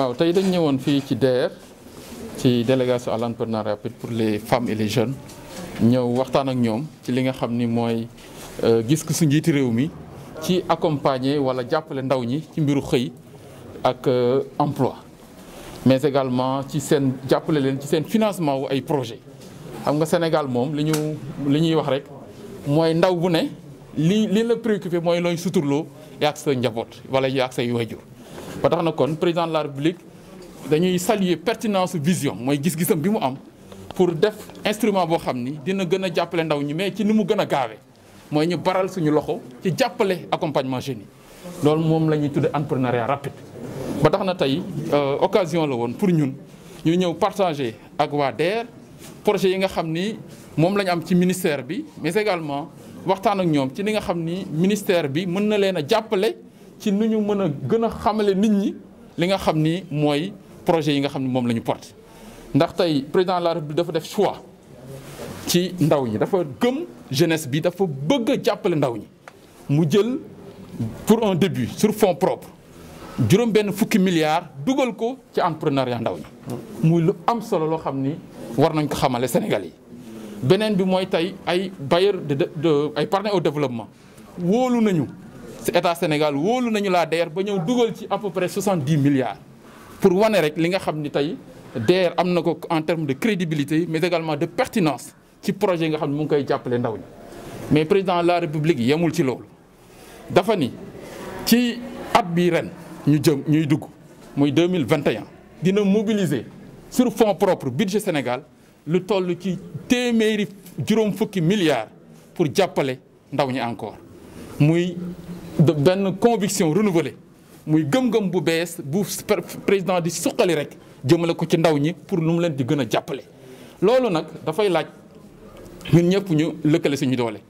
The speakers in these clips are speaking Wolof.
waaw tey dañ ñëwoon fii ci DER ci délégation à l'entrepreneuriat pour les femmes et les jeunes ñëw waxtaan ak ñoom ci li nga xam ni mooy euh, gis ku su njiiti réew mi ci accompagner wala jàppale ndaw ñi ci mbiru xëy ak euh, emploi mais également ci seen jàppale leen ci seen financement wu ay projet xam nga Sénégal moom li ñu li ñuy wax rek mooy ndaw bu ne li li la préoccupé mooy looy suturloo yaak sa njaboot wala ak say waajur ba tax na kon président de la république dañuy saluer pertinence vision mooy gis-gisam bi mu am pour def instrument boo xam ni dina gën a jàppale ndaw ñi mais ci ni mu gën a gaawee mooy ñu baral suñu loxo ci jàppale accompagnement jeunes yi loolu moom la ñuy tudde entrepreneuriat rapide ba tax na tey euh, occasion la woon pour ñun ñu ñëw partager ak waa DER projet yi nga xam ni moom la ñu am ci ministère bi mais également waxtaan ak ñoom ci li nga xam ni ministère bi mën na leen a jàppale ci nu ñu mën a gën a xamale nit ñi li nga xam ni mooy projet yi nga xam ni moom la ñu porté ndax tey président de la république dafa def choix ci ndaw ñi dafa gëm jeunesse bi dafa bëgg jàppale ndaw ñi mu jël pour un début sur fonds propres juróom benn fukki milliards dugal ko ci entrepreneuriat ndaw ñi muy lu am solo loo xam ni war nañ ko xamale Sénégal yi beneen bi mooy tey ay bailleurs de ay partenaires au développement woolu nañu état Sénégal woolu nañu laa DER ba ñëw dugal ci à peu près 70 milliards pour wane rek li nga xam ni tey DER am na ko en terme de crédibilité mais également de pertinence ci projet nga xam ne mu ngi koy jàppale ndaw ñi mais président de la république yemul ci loolu dafa ni ci at bi ren ñu jëm ñuy dugg muy 2021 dina mobiliser sur fonds propres budget Sénégal lu toll ci téeméeri juróom fukki milliards pour jàppale ndaw ñi encore muy de benn conviction renouvelée muy gëm-gëm bu bees bu président di suqali rek jëmale ko ci ndaw ñi pour lu mu leen di gën a jàppale. loolu nag dafay laaj ñun ñëpp ñu lëkkale suñu doole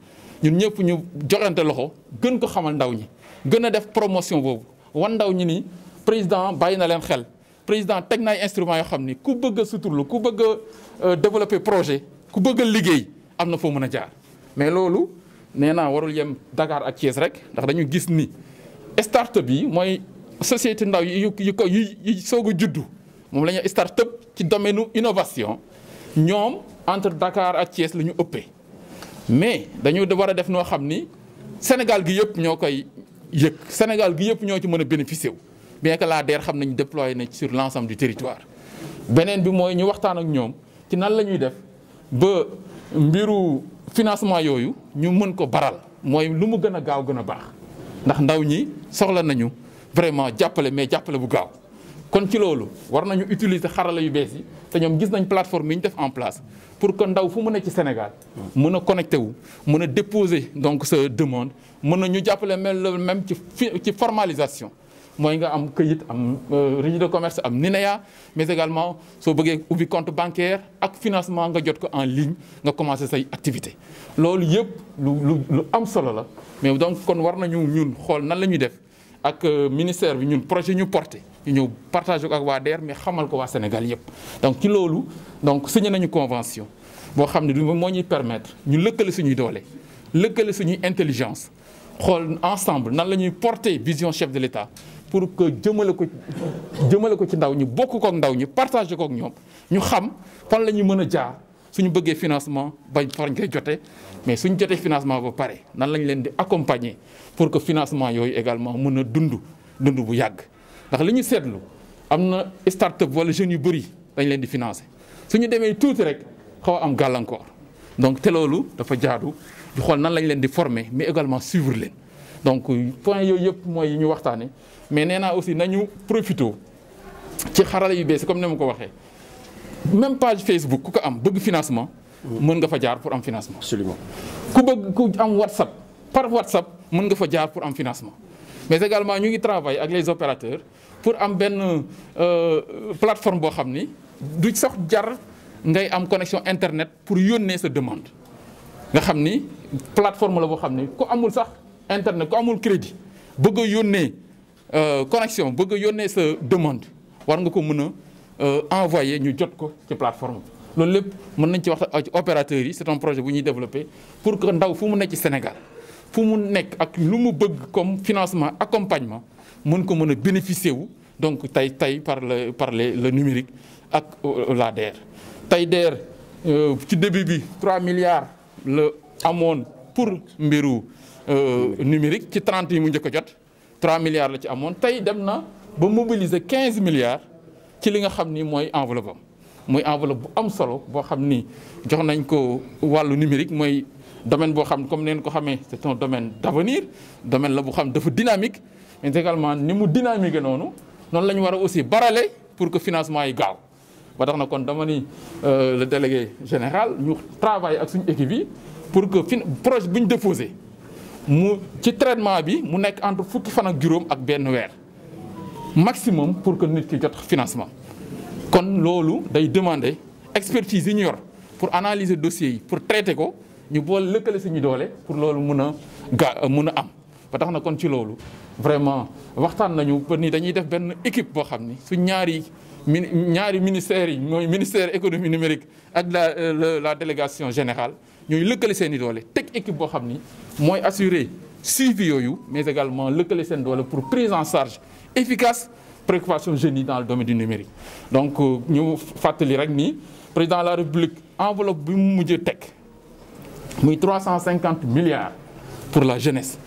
ñun ñëpp ñu joxante loxo gën ko xamal ndaw ñi gën a def promotion boobu wan ndaw ñi ni président bàyyi na leen xel. président teg na ay instruments yoo xam ni ku bëgg a suturlu ku bëgg a euh, projet ku bëgg liggéey am na foo mën a jaar mais loolu. nee naa warul yem dakaar ak Thiès rek ndax dañu gis ni start-up yi mooy société ndaw yi yu yu ko soog a juddu moom la ñuy start-up ci domaine innovation ñoom entre dakaar ak Thiès la ñu ëppee mais dañu war a def noo xam ni Sénégal gi yëpp ñoo koy yëg Sénégal gi yëpp ñoo ci mën a bénéficier wu bien que la DER xam nañu déployé na sur l'ensemble du territoire beneen bi mooy ñu waxtaan ak ñoom ci nan la ñuy def ba mbiru. financement yooyu ñu mën ko baral mooy lu mu gën a gaaw gën a baax ndax ndaw ñi soxla nañu vraiment jàppale mais jàppale bu gaaw kon ci loolu war nañu utiliser xarala yu bees yi te ñoom gis nañ plateforme yi ñu def en place pour que ndaw fu mu ne ci Sénégal mën a connecté wu mën a déposer donc sa demande mën na ñu jàppale même ci fi ci formalisation mooy nga am këyit am euh, registre de commerce am NINEA mais également soo bëggee ubbi compte bancaire ak financement nga jot ko en ligne nga commencé say activité loolu yëpp lu lu lu am solo la mais donc kon war nañu ñun xool nan la ñuy def ak euh, ministère bi ñun projet ñu porté ñu ñëw partagé ko ak waa DER mais xamal ko waa Sénégal yëpp donc ci loolu donc signé nañu convention boo xam ne du moo ñuy permettre ñu lëkkale suñuy doolee lëkkale suñuy intelligence xool ensemble nan la ñuy porté vision chef de l'État pour que jëmale ko jëmale ko ci ndaw ñi bokk ko ak ndaw ñi partagé kook ñoom ñu xam fan la ñu mën a jaar suñu bëggee financement bañ fañ koy jotee mais suñu jotee financement ba pare nan lañ leen di accompagner pour que financement yooyu également mën a dund dund bu yàgg ndax li ñu seetlu am na start-up wala jeunes yu bëri dañ leen di financer suñu demee tuuti rek xaw am gàllankoor donc te loolu dafa jaadu xool nan lañu leen di former mais également suivre donc point yooyu yëpp mooy yi ñu waxtaane mais nee naa aussi nañu profité ci xarala yu bees comme ni ma ko waxee même page Facebook ku ko am bëgg financement. mën nga fa jaar pour am financement. absolument ku bëgg ku am WhatsApp par WhatsApp mën nga fa jaar pour financement. mais également ñu ngi travailler ak les opérateurs pour am benn euh, plateforme boo xam ni du sax jar ngay am connexion internet pour yónnee sa demande nga xam ni plateforme la boo xam ni ku amul sax. internet ku amul crédit bëgg a yónnee euh, connexion bëgg a yónnee sa demande war nga ko mën a euh, envoyer ñu jot ko ci plateforme loolu lépp mën nañ ci wax ci opérateurs yi c'est un projet bu ñuy développer pour que ndaw fu mu nekk ci Sénégal fu mu nekk ak lu mu bëgg comme financement accompagnement mun ko mën a bénéficier wu donc tey tey par le par le numérique ak euh, la DER tey DER ci début bi 3 milliards la amoon pour mbiru euh, numérique ci 30 yi mu njëkk a jot 3 milliards la ci amoon tey dem na ba mobiliser quinze milliards ci li nga xam ni mooy enveloppe am muy enveloppe bu am solo boo xam ni jox nañ ko wàllu numérique mooy domaine boo xam comme neen ko xamee c'est un domaine d'avenir domaine la bu xam dafa dynamique mais également ni mu dynamique noonu noonu la war a aussi barale pour que financement yi gaaw ba tax na kon dama ni euh, le délégué général ñu travailler ak suñu équipe yi pour que fin projet bu ñu déposé mu ci traitement bi mu nekk entre fukki fan ak juróom ak benn weer maximum pour que nit ki jot financement. kon loolu day demander expertise yi ñu yor pour analyser dossier yi pour traiter ko ñu boole lëkkale suñu doole pour loolu mun a ga mun a am ba tax na kon ci loolu vraiment waxtaan nañu ba nii dañuy def benn équipe boo xam ni su ñaari. min ñaari ministères yi mooy ministère économie numérique ak la euh, la délégation générale ñooy lëkkale seen i doole teg équipe boo xam ni mooy assurer suivi yooyu mais également lëkkale seen doole pour prise en charge efficace préoccupation jeunes yi dans le domaine du numérique. donc euh, ñu fàttali rek nii président la république enveloppe bi mu mujj teg muy 350 milliards pour la jeunesse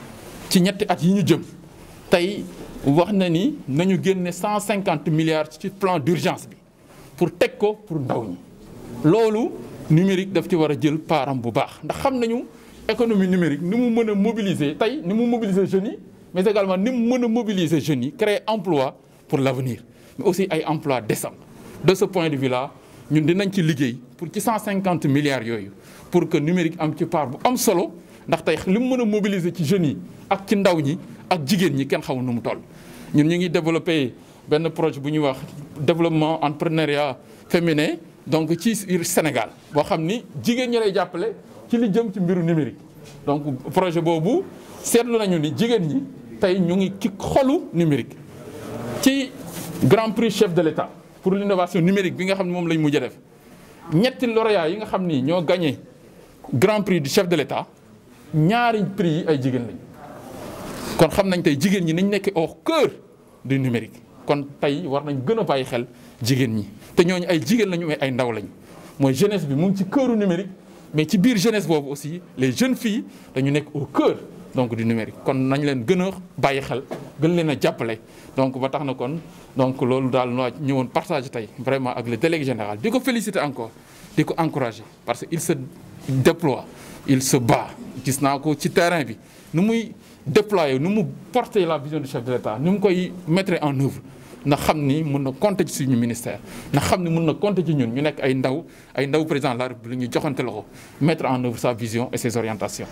ci ñetti at yi ñu jëm wax na ni nañu génne cent cinquante milliards ci plan d'urgence bi pour teg ko pour ndaw ñi loolu numérique daf ci war a jël paaram bu baax ndax xam nañu économie numérique ni mu mën a mobiliser tey ni mu mobiliser jeunes yi mais également ni mu mën a mobiliser jeunes yi créer emploi pour l'avenir mais aussi ay emploi décent de ce point de vue là ñun dinañ ci liggéey pour ci cent cinquante milliards yooyu pour que numérique am ci part bu am solo ndax tey li mu mën a mobiliser ci jeunes yi ak ci ndaw ñi ak jigéen ñi kenn xaw nu mu toll ñun ñu ngi développé benn projet bu ñuy wax développement entrepreneuriat féminin donc ci Sénégal boo xam ni jigéen ñi lay jàppale ci li jëm ci mbiru numérique donc projet boobu seetlu nañu ni jigéen ñi tey ñu ngi ci xolu numérique ci grand prix chef de l'État pour l'innovation numérique bi nga xam ne moom lañ mujj a def ñetti lauréats yi nga xam ni ñoo gagné grand prix du chef de l'État ñaari prix yi ay jigéen lañ kon xam nañ tey jigéen ñi nañ nekk au cœur du numérique kon tey war nañ gën a bàyyi xel jigéen ñi te ñooñu ay jigéen lañu mais ay ndaw lañu mooy jeunesse bi mu ngi ci cœuru numérique mais ci biir jeunesse boobu aussi les jeunes fii dañu nekk au cœur donc du numérique kon nañ leen gën a bàyyi xel gën leen a jàppale donc ba tax na kon donc loolu daal noo ñëwoon partage tey vraiment ak le délégué général di ko féliciter encore di ko encourager parce que il se déploie il se bat gis naa ko ci terrain bi déployer nu mu porter la vision du chef de l'État nu mu koy mettre en œuvre na xam ni mun na compter suñu ministère na xam ni mun na compter ci ñu nekk ay ndaw ay ndaw président de la République ñu joxante loxo mettre en œuvre sa vision et ses orientations.